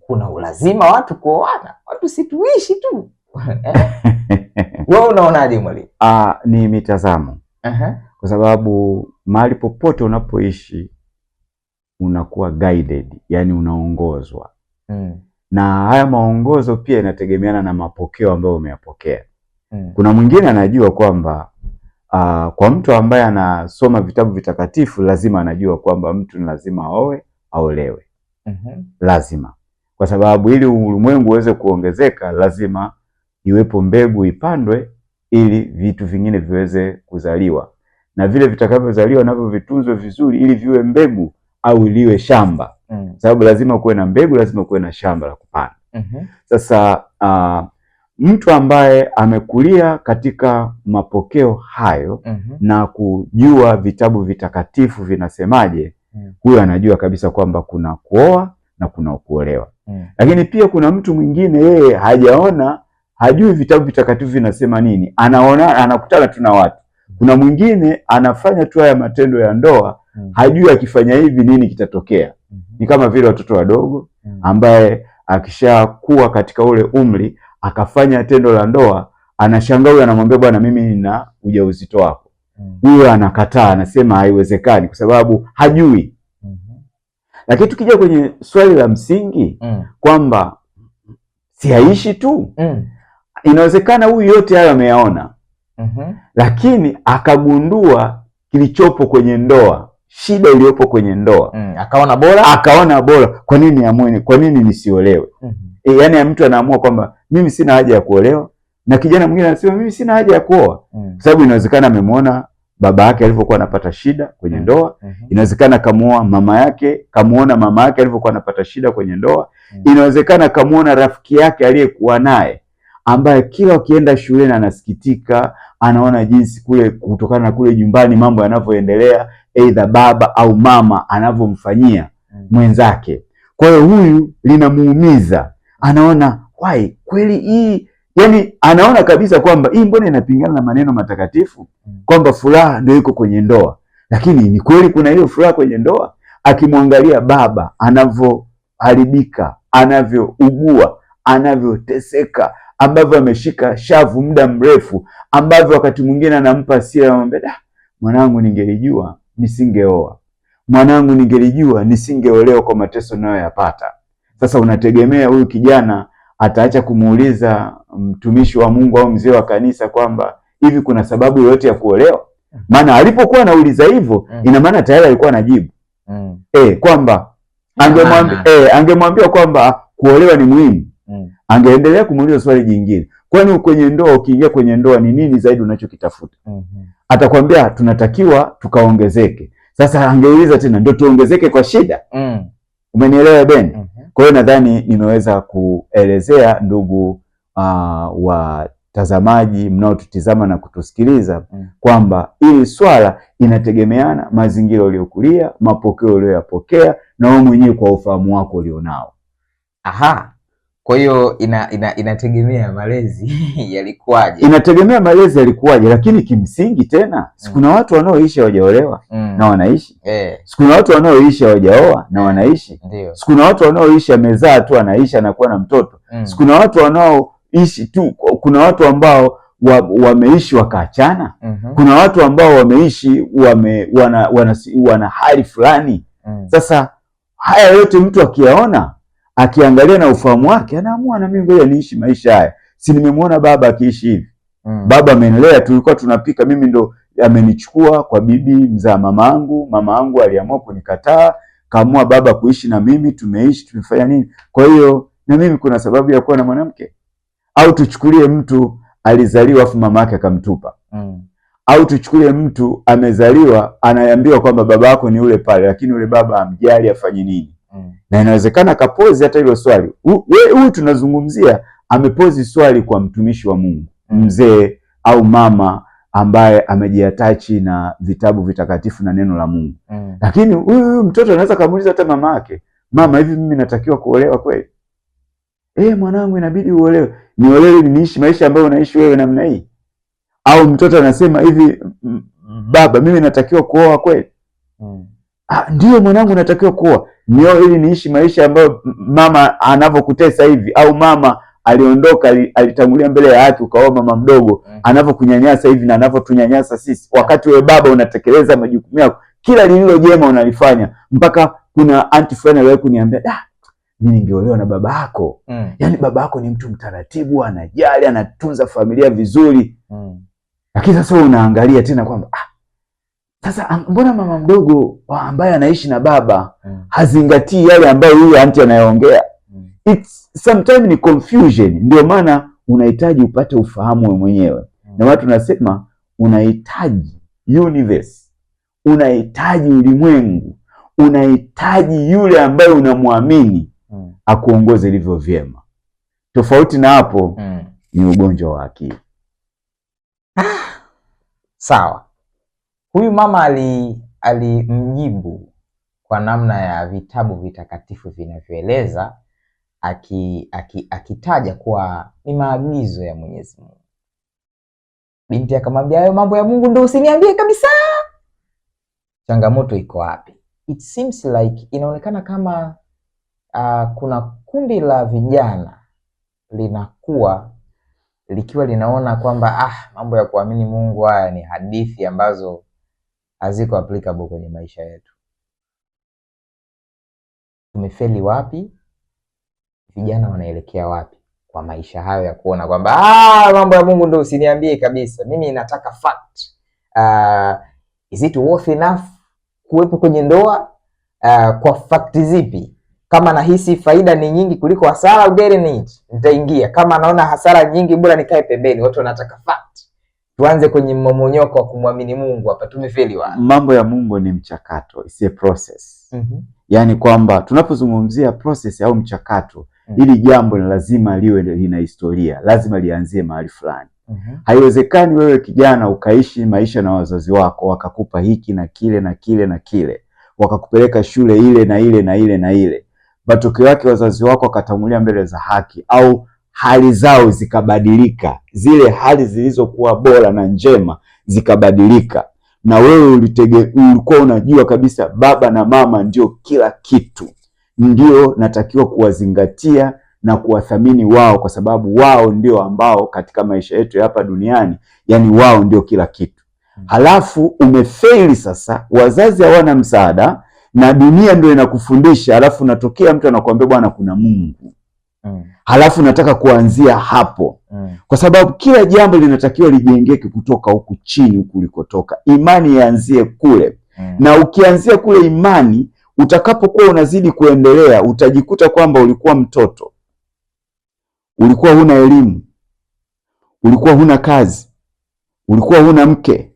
kuna ulazima watu kuoana, watu situishi tu eh? wewe unaonaje mwalimu? Ah, ni mitazamo uh -huh. Kwa sababu mahali popote unapoishi unakuwa guided, yani unaongozwa mm. na haya maongozo pia inategemeana na mapokeo ambayo umeyapokea mm. Kuna mwingine anajua kwamba Uh, kwa mtu ambaye anasoma vitabu vitakatifu lazima anajua kwamba mtu ni lazima aoe aolewe. mm -hmm. Lazima kwa sababu ili ulimwengu uweze kuongezeka lazima iwepo mbegu ipandwe ili vitu vingine viweze kuzaliwa, na vile vitakavyozaliwa navyo vitunzwe vizuri ili viwe mbegu au liwe shamba mm. Sababu lazima kuwe na mbegu, lazima kuwe na shamba la kupanda mm -hmm. Sasa uh, mtu ambaye amekulia katika mapokeo hayo mm -hmm. na kujua vitabu vitakatifu vinasemaje, mm. huyo anajua kabisa kwamba kuna kuoa na kuna kuolewa mm. Lakini pia kuna mtu mwingine yeye hajaona, hajui vitabu vitakatifu vinasema nini, anaona anakutana tu na watu. Kuna mwingine anafanya tu haya matendo ya ndoa mm. hajui akifanya hivi nini kitatokea mm -hmm. Ni kama vile watoto wadogo mm. ambaye akishakuwa katika ule umri akafanya tendo la ndoa, anashangaa huyo anamwambia, bwana, mimi nina ujauzito wako. Mm. Huyo mm. anakataa, anasema haiwezekani, kwa sababu hajui lakini tukija kwenye swali la msingi mm. kwamba siyaishi tu mm. inawezekana huyu yote hayo ameyaona mm -hmm. lakini akagundua kilichopo kwenye ndoa, shida iliyopo kwenye ndoa mm. akaona bora akaona bora, kwa nini amwene kwa nini nisiolewe? mm -hmm. E, eh, yani ya mtu anaamua kwamba mimi sina haja ya kuolewa na kijana mwingine anasema mimi sina haja ya kuoa, mm. kwa sababu inawezekana amemwona baba yake alivyokuwa anapata shida kwenye mm. ndoa. Mm-hmm. Inawezekana kamuoa mama yake, kamuona mama yake alivyokuwa anapata shida kwenye ndoa. Mm. Inawezekana kamuona rafiki yake aliyekuwa naye ambaye kila ukienda shuleni anasikitika, anaona jinsi kule, kutokana na kule nyumbani mambo yanavyoendelea, aidha baba au mama anavyomfanyia mm. mwenzake. Kwa hiyo huyu linamuumiza, anaona wai, kweli hii Yaani anaona kabisa kwamba hii mbona inapingana na maneno matakatifu kwamba furaha ndio iko kwenye ndoa, lakini ni kweli kuna hiyo furaha kwenye ndoa? Akimwangalia baba anavyoharibika, anavyougua, anavyoteseka, ambavyo ameshika shavu muda mrefu, ambavyo wakati mwingine anampa hasira, anamwambia da, mwanangu, ningelijua nisingeoa, mwanangu, ningelijua nisingeolewa kwa mateso nayoyapata. Sasa unategemea huyu kijana ataacha kumuuliza mtumishi wa Mungu au mzee wa kanisa kwamba hivi kuna sababu yoyote ya kuolewa? Mm. Maana alipokuwa anauliza hivyo, mm. ina maana tayari alikuwa anajibu mm. eh, kwamba angemwambia eh, angemwambia kwamba kuolewa ni muhimu mm. angeendelea kumuuliza swali jingine, kwani kwenye ndoa, ukiingia kwenye ndoa ni nini zaidi unachokitafuta? mm -hmm. Atakwambia tunatakiwa tukaongezeke. Sasa angeuliza tena, ndio tuongezeke kwa shida? mm. Umenielewa Ben? mm. -hmm. Kwa hiyo nadhani nimeweza kuelezea ndugu uh, watazamaji mnaotutizama na kutusikiliza mm. kwamba hili swala inategemeana mazingira uliokulia, mapokeo ulioyapokea, na wewe mwenyewe kwa ufahamu wako ulionao. Aha, kwa hiyo ina, ina, inategemea malezi yalikuwaje, inategemea malezi yalikuwaje, lakini kimsingi tena sikuna mm. watu wanaoishi hawajaolewa mm. na wanaishi eh. sikuna watu wanaoishi hawajaoa na wanaishi Ndiyo. sikuna watu wanaoishi amezaa tu anaishi anakuwa na mtoto mm. sikuna watu wanaoishi tu, kuna watu ambao wameishi wa wakaachana mm -hmm. kuna watu ambao wameishi wame, wana, wana, wana, wana hali fulani mm. Sasa haya yote mtu akiyaona akiangalia na ufahamu wake anaamua na mimi ngoja niishi maisha haya. Si nimemwona baba akiishi hivi. Mm. Baba amenilea, tulikuwa tunapika, mimi ndo amenichukua kwa bibi mzaa mamangu, mamangu aliamua kunikataa, kaamua baba kuishi na mimi, tumeishi, tumefanya nini. Kwa hiyo na mimi kuna sababu ya kuwa na mwanamke? Au tuchukulie mtu alizaliwa afu mama yake akamtupa. Mm. Au tuchukulie mtu amezaliwa anayambiwa kwamba baba yako ni ule pale, lakini ule baba amjali afanye nini. Mm. na inawezekana kapozi hata hilo swali. Huyu tunazungumzia amepozi swali kwa mtumishi wa Mungu mm. mzee au mama ambaye amejiatachi na vitabu vitakatifu na neno la Mungu mm. lakini huyu mtoto anaweza kumuuliza hata mama yake, mama, hivi mimi natakiwa kuolewa kweli? Eh, mwanangu, inabidi uolewe. Niolewe niishi maisha ambayo unaishi wewe namna hii? Au mtoto anasema hivi, baba, mimi natakiwa kuoa kweli? mm. Ah, ndiyo mwanangu, natakiwa kuwa nioe ili niishi maisha ambayo mama anavyokutesa hivi, au mama aliondoka alitangulia mbele ya haki, ukaoa mama mdogo mm. anavyokunyanyasa hivi na anavyotunyanyasa sisi, wakati wewe baba unatekeleza majukumu yako, kila lililo jema unalifanya. Mpaka kuna anti fulani aliwahi kuniambia da, mimi ningeolewa na baba yako mm. Yani baba yako ni mtu mtaratibu, anajali, anatunza familia vizuri mm. Lakini sasa unaangalia tena kwamba ah, sasa mbona mama mdogo ambaye anaishi na baba mm. hazingatii yale ambayo huyu anti anayoongea mm. It's sometimes ni confusion, ndio maana unahitaji upate ufahamu wewe mwenyewe mm. na watu nasema unahitaji universe, unahitaji ulimwengu, unahitaji yule ambaye unamwamini akuongoze ilivyo vyema. Tofauti na hapo ni ugonjwa wa akili. Ah, sawa. Huyu mama alimjibu ali kwa namna ya vitabu vitakatifu vinavyoeleza akitaja aki, aki kuwa ni maagizo ya Mwenyezi Mungu. Binti akamwambia hayo mambo ya Mungu ndio usiniambie kabisa. Changamoto iko wapi? It seems like inaonekana kama uh, kuna kundi la vijana linakuwa likiwa linaona kwamba ah, mambo ya kuamini Mungu haya ni hadithi ambazo haziko applicable kwenye maisha yetu. Tumefeli wapi? Vijana wanaelekea wapi kwa maisha hayo ya kuona kwamba ah, mambo ya Mungu ndio usiniambie kabisa, mimi nataka fact. Uh, is it worth enough kuwepo kwenye ndoa? Uh, kwa fact zipi? Kama nahisi faida ni nyingi kuliko hasara, ugere nitaingia. Kama naona hasara nyingi, bora nikae pembeni. Watu wanataka fact tuanze kwenye mmomonyoko wa kumwamini Mungu hapa, tumefeli wapi? Mambo ya Mungu ni mchakato, isiye process. mm -hmm. Yaani kwamba tunapozungumzia process au mchakato mm -hmm. ili jambo ni lazima liwe lina historia, lazima lianzie mahali fulani. mm -hmm. Haiwezekani wewe kijana ukaishi maisha na wazazi wako wakakupa hiki na kile na kile na kile, wakakupeleka shule ile na ile na ile na ile, matokeo yake wazazi wako wakatangulia mbele za haki au hali zao zikabadilika, zile hali zilizokuwa bora na njema zikabadilika, na wewe ulitege, ulikuwa unajua kabisa baba na mama ndio kila kitu, ndio natakiwa kuwazingatia na kuwathamini wao, kwa sababu wao ndio ambao katika maisha yetu ya hapa duniani, yani wao ndio kila kitu. Hmm. Halafu umefeli sasa, wazazi hawana msaada na dunia ndio inakufundisha, halafu unatokea mtu anakuambia bwana, kuna Mungu mm. Halafu nataka kuanzia hapo mm. Kwa sababu kila jambo linatakiwa lijengeke kutoka huku chini, huku ulikotoka. Imani ianzie kule mm. Na ukianzia kule imani, utakapokuwa unazidi kuendelea utajikuta kwamba ulikuwa mtoto, ulikuwa huna elimu, ulikuwa huna kazi, ulikuwa huna mke,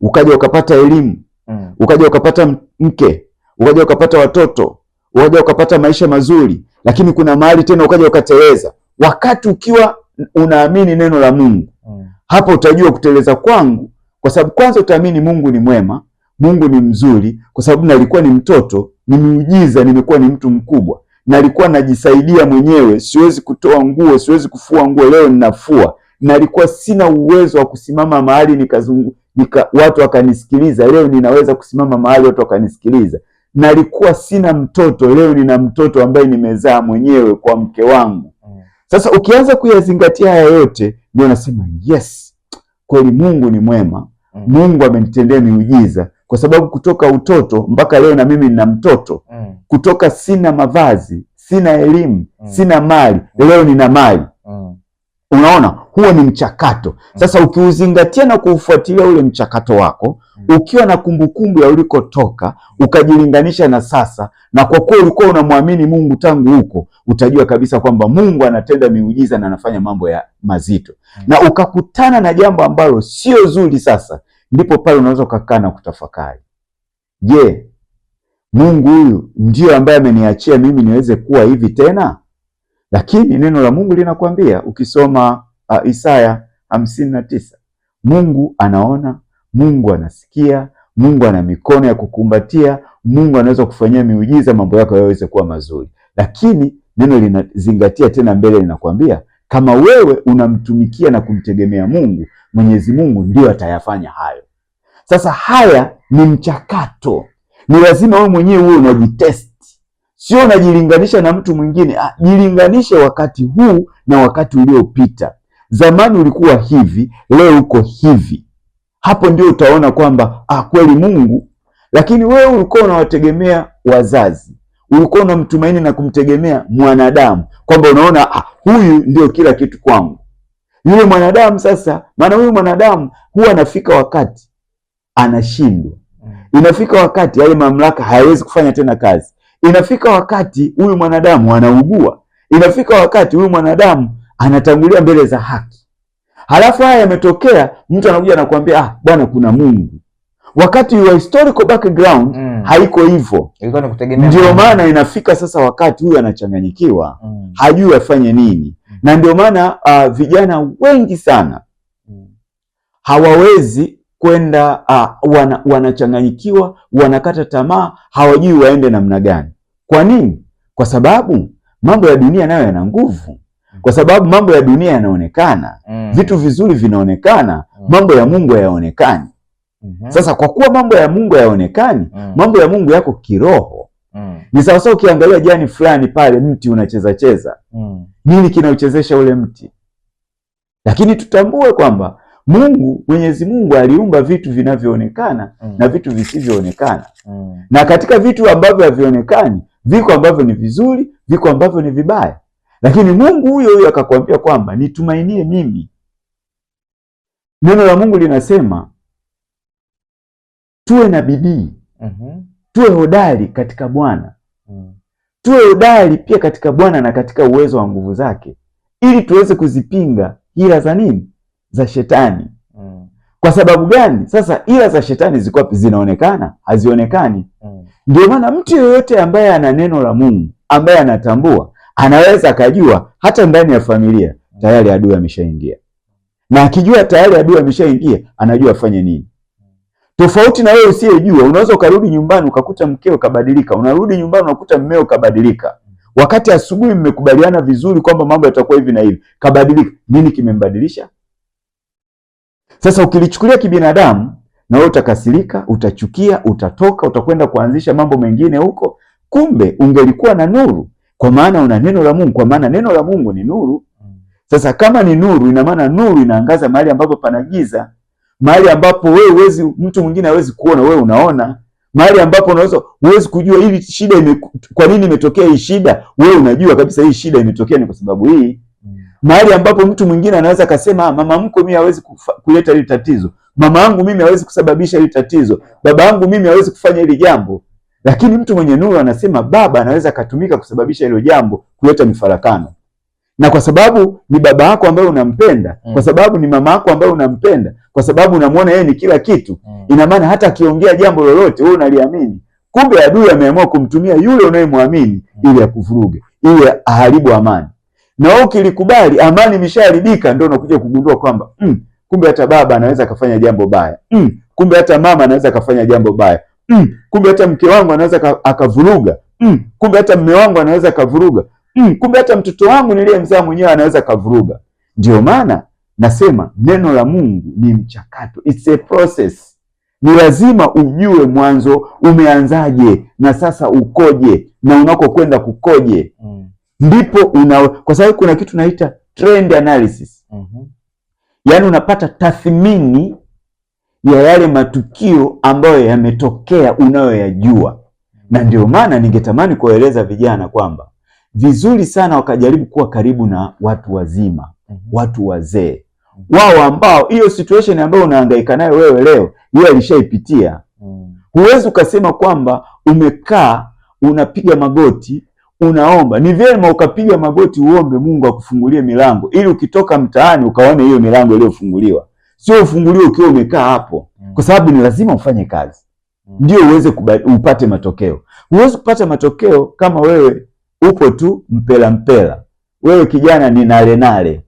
ukaja ukapata elimu mm. Ukaja ukapata mke, ukaja ukapata watoto, ukaja ukapata maisha mazuri lakini kuna mahali tena ukaja ukateleza. Wakati ukiwa unaamini neno la Mungu mm. hapo utajua kuteleza kwangu, kwa sababu kwanza utaamini Mungu ni mwema, Mungu ni mzuri, kwa sababu nalikuwa ni mtoto, ni miujiza, nimekuwa ni mtu mkubwa, nalikuwa najisaidia mwenyewe, siwezi kutoa nguo, siwezi kufua nguo, leo ninafua. Nalikuwa sina uwezo wa kusimama mahali nikazungu, nika, watu wakanisikiliza, leo ninaweza kusimama mahali watu wakanisikiliza nalikuwa sina mtoto, leo nina mtoto ambaye nimezaa mwenyewe kwa mke wangu. Mm. Sasa ukianza kuyazingatia haya yote, ndio unasema yes, kweli Mungu ni mwema, mm. Mungu amenitendea miujiza, kwa sababu kutoka utoto mpaka leo na mimi nina mtoto, mm. kutoka sina mavazi, sina elimu, sina mali, leo nina mali. Unaona, huo ni mchakato. Sasa ukiuzingatia na kuufuatilia ule mchakato wako ukiwa na kumbukumbu ya ulikotoka ukajilinganisha na sasa, na kwa kuwa ulikuwa unamwamini Mungu tangu huko, utajua kabisa kwamba Mungu anatenda miujiza na anafanya mambo ya mazito mm. na ukakutana na jambo ambalo sio zuri, sasa ndipo pale unaweza ukakaa na kutafakari, je, Mungu huyu ndiyo ambaye ameniachia mimi niweze kuwa hivi tena? Lakini neno la Mungu linakwambia ukisoma uh, Isaya hamsini na tisa Mungu anaona Mungu anasikia, Mungu ana mikono ya kukumbatia, Mungu anaweza kufanyia miujiza mambo yako yaweze kuwa mazuri. Lakini neno linazingatia tena mbele linakwambia kama wewe unamtumikia na kumtegemea Mungu, Mwenyezi Mungu ndio atayafanya hayo. Sasa haya ni mchakato, ni lazima wewe mwenyewe huwe unajitesti, sio unajilinganisha na mtu mwingine. Ah, jilinganishe wakati huu na wakati uliopita. Zamani ulikuwa hivi, leo uko hivi hapo ndio utaona kwamba ah, kweli Mungu. Lakini wewe ulikuwa unawategemea wazazi, ulikuwa unamtumaini na kumtegemea mwanadamu, kwamba unaona ah, huyu ndio kila kitu kwangu yule mwanadamu sasa. Maana huyu mwanadamu huwa anafika wakati anashindwa, inafika wakati yale mamlaka hayawezi kufanya tena kazi, inafika wakati huyu mwanadamu anaugua, inafika wakati huyu mwanadamu anatangulia mbele za haki. Halafu haya yametokea, mtu anakuja anakuambia ah, bwana kuna Mungu, wakati wa historical background mm. haiko hivyo. Ndio maana inafika sasa wakati huyu anachanganyikiwa mm. hajui afanye nini mm. na ndio maana uh, vijana wengi sana mm. hawawezi kwenda uh, wana, wanachanganyikiwa, wanakata tamaa, hawajui waende namna gani. Kwa nini? Kwa sababu mambo ya dunia nayo yana nguvu kwa sababu mambo ya dunia yanaonekana mm. vitu vizuri vinaonekana mm. mambo ya Mungu hayaonekani. mm -hmm. Sasa kwa kuwa mambo ya Mungu hayaonekani mm. mambo ya Mungu yako kiroho mm. ni sawa sawa, ukiangalia jani fulani pale, mti unacheza cheza mm. nini kinauchezesha ule mti? Lakini tutambue kwamba Mungu Mwenyezi Mungu aliumba vitu vinavyoonekana mm. na vitu visivyoonekana mm. na katika vitu ambavyo havionekani viko ambavyo ni vizuri, viko ambavyo ni vibaya lakini Mungu huyo huyo akakwambia kwamba nitumainie mimi. Neno la Mungu linasema tuwe na bidii uh mhm. -huh. tuwe hodari katika Bwana uh mm. -huh. tuwe hodari pia katika Bwana na katika uwezo wa nguvu zake, ili tuweze kuzipinga hila za nini za shetani uh mm. -huh. Kwa sababu gani? Sasa hila za shetani ziko wapi? Zinaonekana? Hazionekani? Mm. Ndio uh -huh. maana mtu yeyote ambaye ana neno la Mungu, ambaye anatambua anaweza akajua hata ndani ya familia tayari adui ameshaingia, na akijua tayari adui ameshaingia anajua afanye nini. Tofauti na wewe usiyejua, unaweza ukarudi nyumbani ukakuta mkeo kabadilika, unarudi nyumbani unakuta mmeo kabadilika, wakati asubuhi mmekubaliana vizuri kwamba mambo yatakuwa hivi na hivi, kabadilika. Nini kimembadilisha? Sasa ukilichukulia kibinadamu, na wewe utakasirika, utachukia, utatoka, utakwenda kuanzisha mambo mengine huko. Kumbe ungelikuwa na nuru kwa maana una neno la Mungu, kwa maana neno la Mungu ni nuru. Sasa kama ni nuru, ina maana nuru inaangaza mahali ambapo pana giza, mahali ambapo wewe huwezi, mtu mwingine hawezi kuona, wewe unaona, mahali ambapo unaweza huwezi kujua hili shida ime, kwa nini imetokea hii shida, wewe unajua kabisa hii shida imetokea ni kwa sababu hii mahali ambapo mtu mwingine anaweza akasema ah, mama mko mimi hawezi kuleta hili tatizo, mama yangu mimi hawezi kusababisha hili tatizo, baba yangu mimi hawezi kufanya hili jambo. Lakini mtu mwenye nuru anasema baba anaweza akatumika kusababisha hilo jambo, kuleta mifarakano na kwa sababu ni baba yako ambaye unampenda mm. Kwa sababu ni mama yako ambaye unampenda, kwa sababu unamwona yeye ni kila kitu mm. Ina maana hata akiongea jambo lolote wewe unaliamini, kumbe adui ameamua kumtumia yule unayemwamini mm. ili akuvuruge, ili aharibu amani, na wewe ukilikubali, amani imeshaharibika. Ndio unakuja kugundua kwamba mm, kumbe hata baba anaweza akafanya jambo baya mm, kumbe hata mama anaweza akafanya jambo baya, mm, kumbe hata mke wangu anaweza akavuruga mm, kumbe hata mme wangu anaweza akavuruga mm, kumbe hata mtoto wangu niliyemzaa mwenyewe anaweza akavuruga. Ndio maana nasema neno la Mungu ni mchakato, it's a process ni lazima ujue mwanzo umeanzaje na sasa ukoje na unakokwenda kukoje, mm. ndipo una, kwa sababu kuna kitu naita trend analysis mm -hmm. Yaani unapata tathmini ya yale matukio ambayo yametokea unayoyajua. Na ndio maana ningetamani kuwaeleza vijana kwamba vizuri sana wakajaribu kuwa karibu na watu wazima, mhm. watu wazee wao, ambao hiyo situation ambayo unahangaika nayo wewe leo, yeye alishaipitia. Mm. Huwezi ukasema kwamba umekaa unapiga magoti unaomba. Ni vyema ukapiga magoti uombe Mungu akufungulie milango, ili ukitoka mtaani ukaone hiyo milango iliyofunguliwa sio ufunguliwe ukiwa umekaa hapo, mm. kwa sababu ni lazima ufanye kazi mm. ndio uweze upate matokeo. Huwezi kupata matokeo kama wewe upo tu mpela mpela, wewe kijana ni nale nale.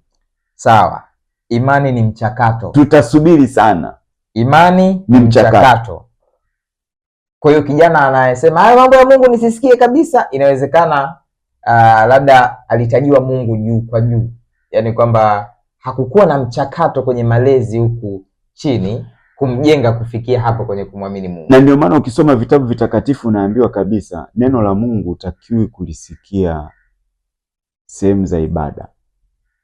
Sawa, imani ni mchakato, tutasubiri sana. Imani ni mchakato, mchakato. Kwa hiyo kijana anayesema haya mambo ya Mungu nisisikie kabisa, inawezekana uh, labda alitajiwa Mungu juu kwa juu, yaani kwamba hakukuwa na mchakato kwenye malezi huku chini kumjenga kufikia hapo kwenye kumwamini Mungu. Na ndio maana ukisoma vitabu vitakatifu unaambiwa kabisa neno la Mungu utakiwi kulisikia sehemu za ibada,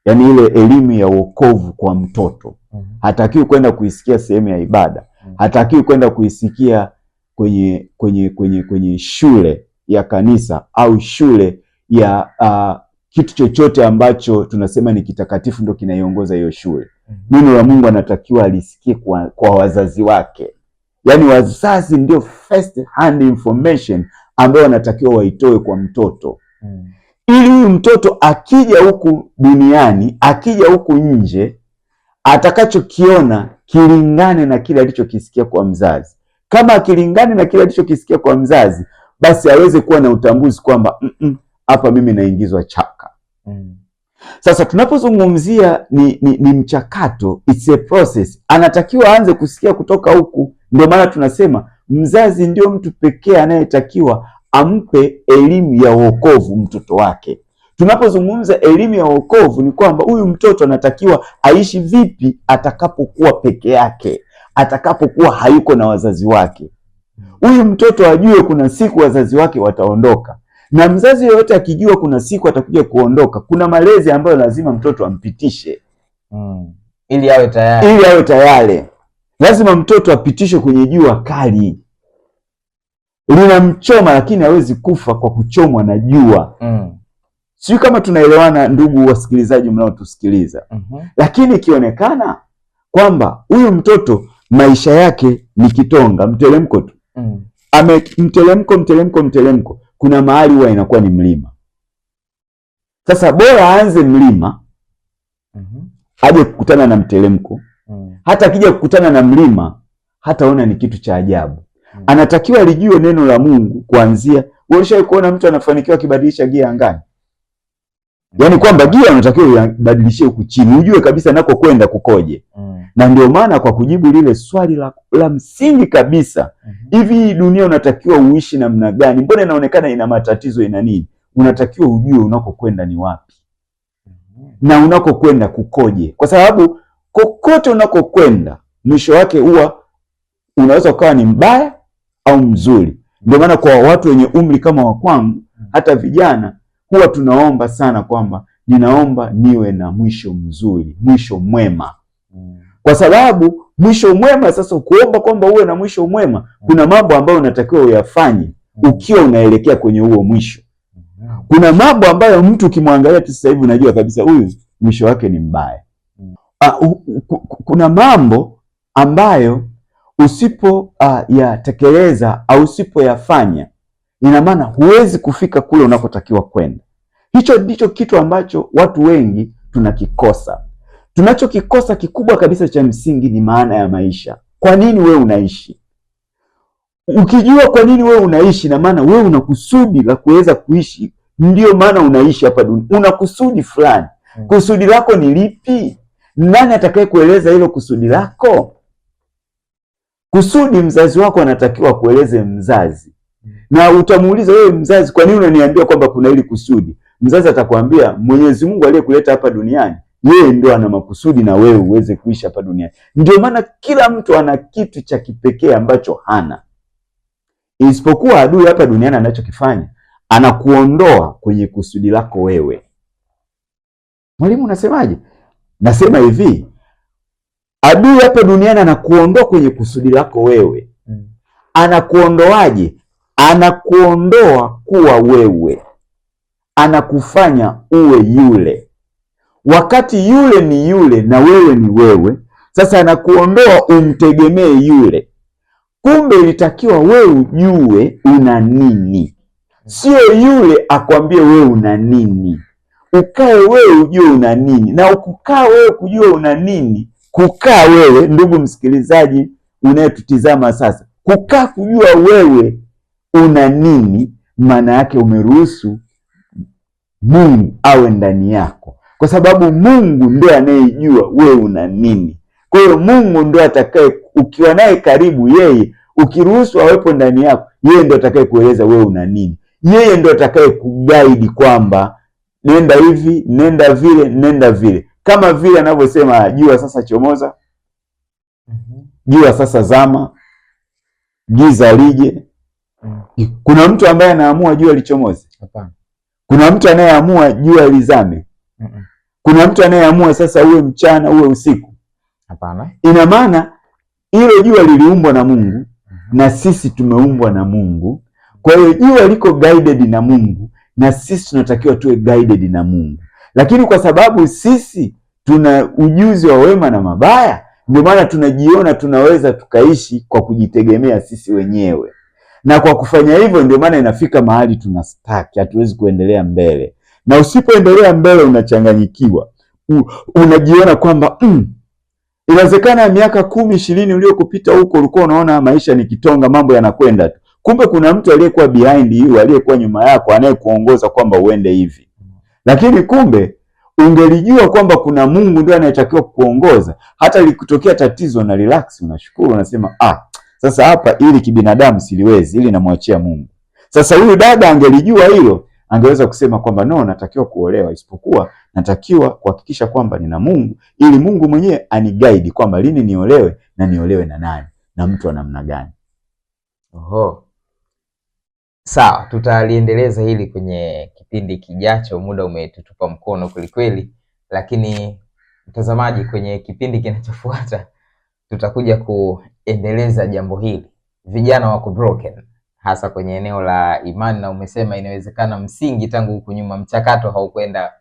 yaani ile elimu ya wokovu kwa mtoto mhm. hatakiwi kwenda kuisikia sehemu ya ibada, mhm. hatakiwi kwenda kuisikia kwenye kwenye kwenye kwenye shule ya kanisa au shule ya uh, kitu chochote ambacho tunasema ni kitakatifu ndo kinaiongoza hiyo shule. Mhm. Neno la Mungu anatakiwa alisikie kwa, kwa wazazi wake, yaani wazazi ndio first hand information ambayo wanatakiwa waitoe kwa mtoto mm. ili huyu mtoto akija huku duniani, akija huku nje, atakachokiona kilingane na kile alichokisikia kwa mzazi. Kama akilingane na kile alichokisikia kwa mzazi, basi aweze kuwa na utambuzi kwamba mm mm hapa mimi naingizwa cha Mm. Sasa tunapozungumzia ni, ni, ni mchakato, it's a process. Anatakiwa aanze kusikia kutoka huku. Ndio maana tunasema mzazi ndio mtu pekee anayetakiwa ampe elimu ya wokovu mtoto wake. Tunapozungumza elimu ya wokovu ni kwamba huyu mtoto anatakiwa aishi vipi atakapokuwa peke yake, atakapokuwa hayuko na wazazi wake. Mm. Huyu mtoto ajue kuna siku wazazi wake wataondoka na mzazi yoyote akijua kuna siku atakuja kuondoka, kuna malezi ambayo lazima mtoto ampitishe mm. ili awe tayari, ili awe tayari. Lazima mtoto apitishwe kwenye jua kali linamchoma, lakini hawezi kufa kwa kuchomwa na jua mm. Sijui kama tunaelewana, ndugu wasikilizaji mnaotusikiliza mm -hmm. Lakini ikionekana kwamba huyu mtoto maisha yake ni kitonga, mtelemko tu mm. Ame mtelemko mtelemko mtelemko kuna mahali huwa inakuwa ni mlima. Sasa bora aanze mlima mm -hmm. aje kukutana na mteremko mm -hmm. hata akija kukutana na mlima hataona ni kitu cha ajabu mm -hmm. anatakiwa lijue neno la Mungu kuanzia. Ulishawahi kuona mtu anafanikiwa akibadilisha gia angani? Yaani kwamba gia unatakiwa uyabadilishie huku chini, ujue kabisa nako kwenda kukoje. mm. na ndio maana kwa kujibu lile swali la, la msingi kabisa mhm. hivi, mm. dunia unatakiwa uishi namna gani? Mbona inaonekana ina matatizo ina nini? Unatakiwa ujue unakokwenda ni wapi mm. na unakokwenda kukoje, kwa sababu kokote unakokwenda mwisho wake huwa unaweza ukawa ni mbaya au mzuri. Ndio maana kwa watu wenye umri kama wa kwangu, mm. hata vijana huwa tunaomba sana kwamba ninaomba niwe na mwisho mzuri, mwisho mwema Kwa sababu mwisho mwema sasa, kuomba kwamba uwe na mwisho mwema Kuna mambo ambayo unatakiwa uyafanye ukiwa unaelekea kwenye huo mwisho Kuna mambo ambayo mtu ukimwangalia tu sasa hivi unajua kabisa huyu mwisho wake ni mbaya ah, kuna mambo ambayo usipo uh, au usipoyafanya, ina maana huwezi kufika kule unakotakiwa kwenda. Hicho ndicho kitu ambacho watu wengi tunakikosa. Tunachokikosa kikubwa kabisa cha msingi ni maana ya maisha. Kwa nini wewe unaishi? Ukijua kwa nini wewe unaishi, na maana wewe una kusudi la kuweza kuishi, ndio maana unaishi hapa duniani. Una kusudi fulani. Hmm. Kusudi lako ni lipi? Nani atakaye kueleza hilo kusudi lako? Kusudi mzazi wako anatakiwa kueleze mzazi, hmm. na utamuuliza wewe, mzazi, kwa nini unaniambia kwamba kuna hili kusudi? mzazi atakwambia Mwenyezi Mungu aliyekuleta hapa duniani yeye ndo ana makusudi na wewe uweze kuishi hapa duniani. Ndio maana kila mtu ana kitu cha kipekee ambacho hana, isipokuwa adui hapa duniani anachokifanya anakuondoa kwenye kusudi lako wewe. Mwalimu, unasemaje? Nasema hivi, adui hapa duniani anakuondoa kwenye kusudi lako wewe. Mm. Anakuondoaje? Anakuondoa kuwa wewe anakufanya uwe yule, wakati yule ni yule na wewe ni wewe. Sasa anakuondoa umtegemee yule, kumbe ilitakiwa wewe ujue una nini, sio yule akwambie wewe una nini. Ukae wewe ujue una nini, na ukukaa wewe kujua una nini, kukaa wewe, ndugu msikilizaji unayetutizama sasa, kukaa kujua wewe una nini, maana yake umeruhusu Mungu awe ndani yako, kwa sababu Mungu ndio anayejua wewe una nini. Kwa hiyo Mungu ndio atakaye, ukiwa naye karibu, yeye ukiruhusu awepo ndani yako, yeye ndio atakaye kueleza wewe una nini. Yeye ndio atakaye kuguide kwamba nenda hivi, nenda vile, nenda vile, kama vile anavyosema jua sasa chomoza, jua sasa zama, giza lije. Mm. Kuna mtu ambaye anaamua jua lichomoze? Hapana. Kuna mtu anayeamua jua lizame. mm -mm. Kuna mtu anayeamua sasa uwe mchana uwe usiku. Hapana, ina maana hilo jua liliumbwa na Mungu mm -hmm. na sisi tumeumbwa na Mungu. Kwa hiyo jua liko guided na Mungu na sisi tunatakiwa tuwe guided na Mungu, lakini kwa sababu sisi tuna ujuzi wa wema na mabaya, ndio maana tunajiona tunaweza tukaishi kwa kujitegemea sisi wenyewe na kwa kufanya hivyo ndio maana inafika mahali tunastaki, hatuwezi kuendelea mbele, na usipoendelea mbele unachanganyikiwa, unajiona kwamba mm, inawezekana miaka kumi ishirini uliokupita huko ulikuwa unaona maisha ni kitonga, mambo yanakwenda tu, kumbe kuna mtu aliyekuwa behind you, aliyekuwa nyuma yako, anayekuongoza kwamba uende hivi, lakini kumbe ungelijua kwamba kuna Mungu ndio anayetakiwa kukuongoza. Hata likutokea tatizo na relax, unashukuru, unasema ah sasa hapa ili kibinadamu siliwezi, ili namwachia Mungu. Sasa huyu dada angelijua hilo, angeweza kusema kwamba no, natakiwa kuolewa, isipokuwa natakiwa kuhakikisha kwamba nina Mungu ili Mungu mwenyewe anigaidi kwamba lini niolewe na niolewe na nani na mtu wa namna gani. Oho. Sawa, tutaliendeleza hili kwenye kipindi kijacho. Muda umetutupa mkono kwelikweli, lakini mtazamaji, kwenye kipindi kinachofuata tutakuja ku endeleza jambo hili. Vijana wako broken hasa kwenye eneo la imani, na umesema inawezekana msingi tangu huku nyuma mchakato haukwenda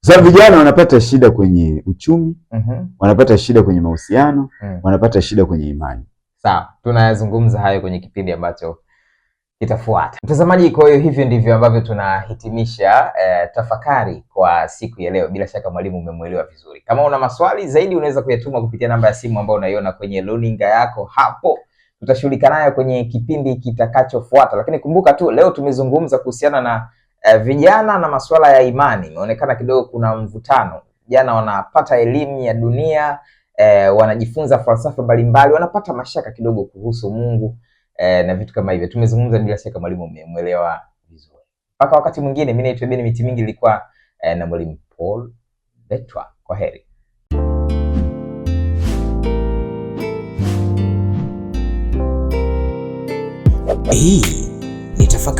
sasa. So, vijana wanapata shida kwenye uchumi mm -hmm. wanapata shida kwenye mahusiano mm -hmm. wanapata shida kwenye imani. Sawa, tunayazungumza hayo kwenye kipindi ambacho kitafuata. Mtazamaji, kwa hiyo hivyo ndivyo ambavyo tunahitimisha eh, tafakari kwa siku ya leo. Bila shaka mwalimu umemwelewa vizuri. Kama una maswali zaidi, unaweza kuyatuma kupitia namba ya simu ambayo unaiona kwenye luninga yako hapo tutashughulika nayo kwenye kipindi kitakachofuata, lakini kumbuka tu leo tumezungumza kuhusiana na eh, vijana na masuala ya imani. Imeonekana kidogo kuna mvutano, vijana wanapata elimu ya dunia eh, wanajifunza falsafa mbalimbali, wanapata mashaka kidogo kuhusu Mungu eh, na vitu kama hivyo. Tumezungumza bila shaka, mwalimu umemwelewa vizuri. Mpaka wakati mwingine, mimi naitwa Beni Miti Mingi, nilikuwa eh, na mwalimu Paul Betwa. Kwa heri. Hii ni tafakari.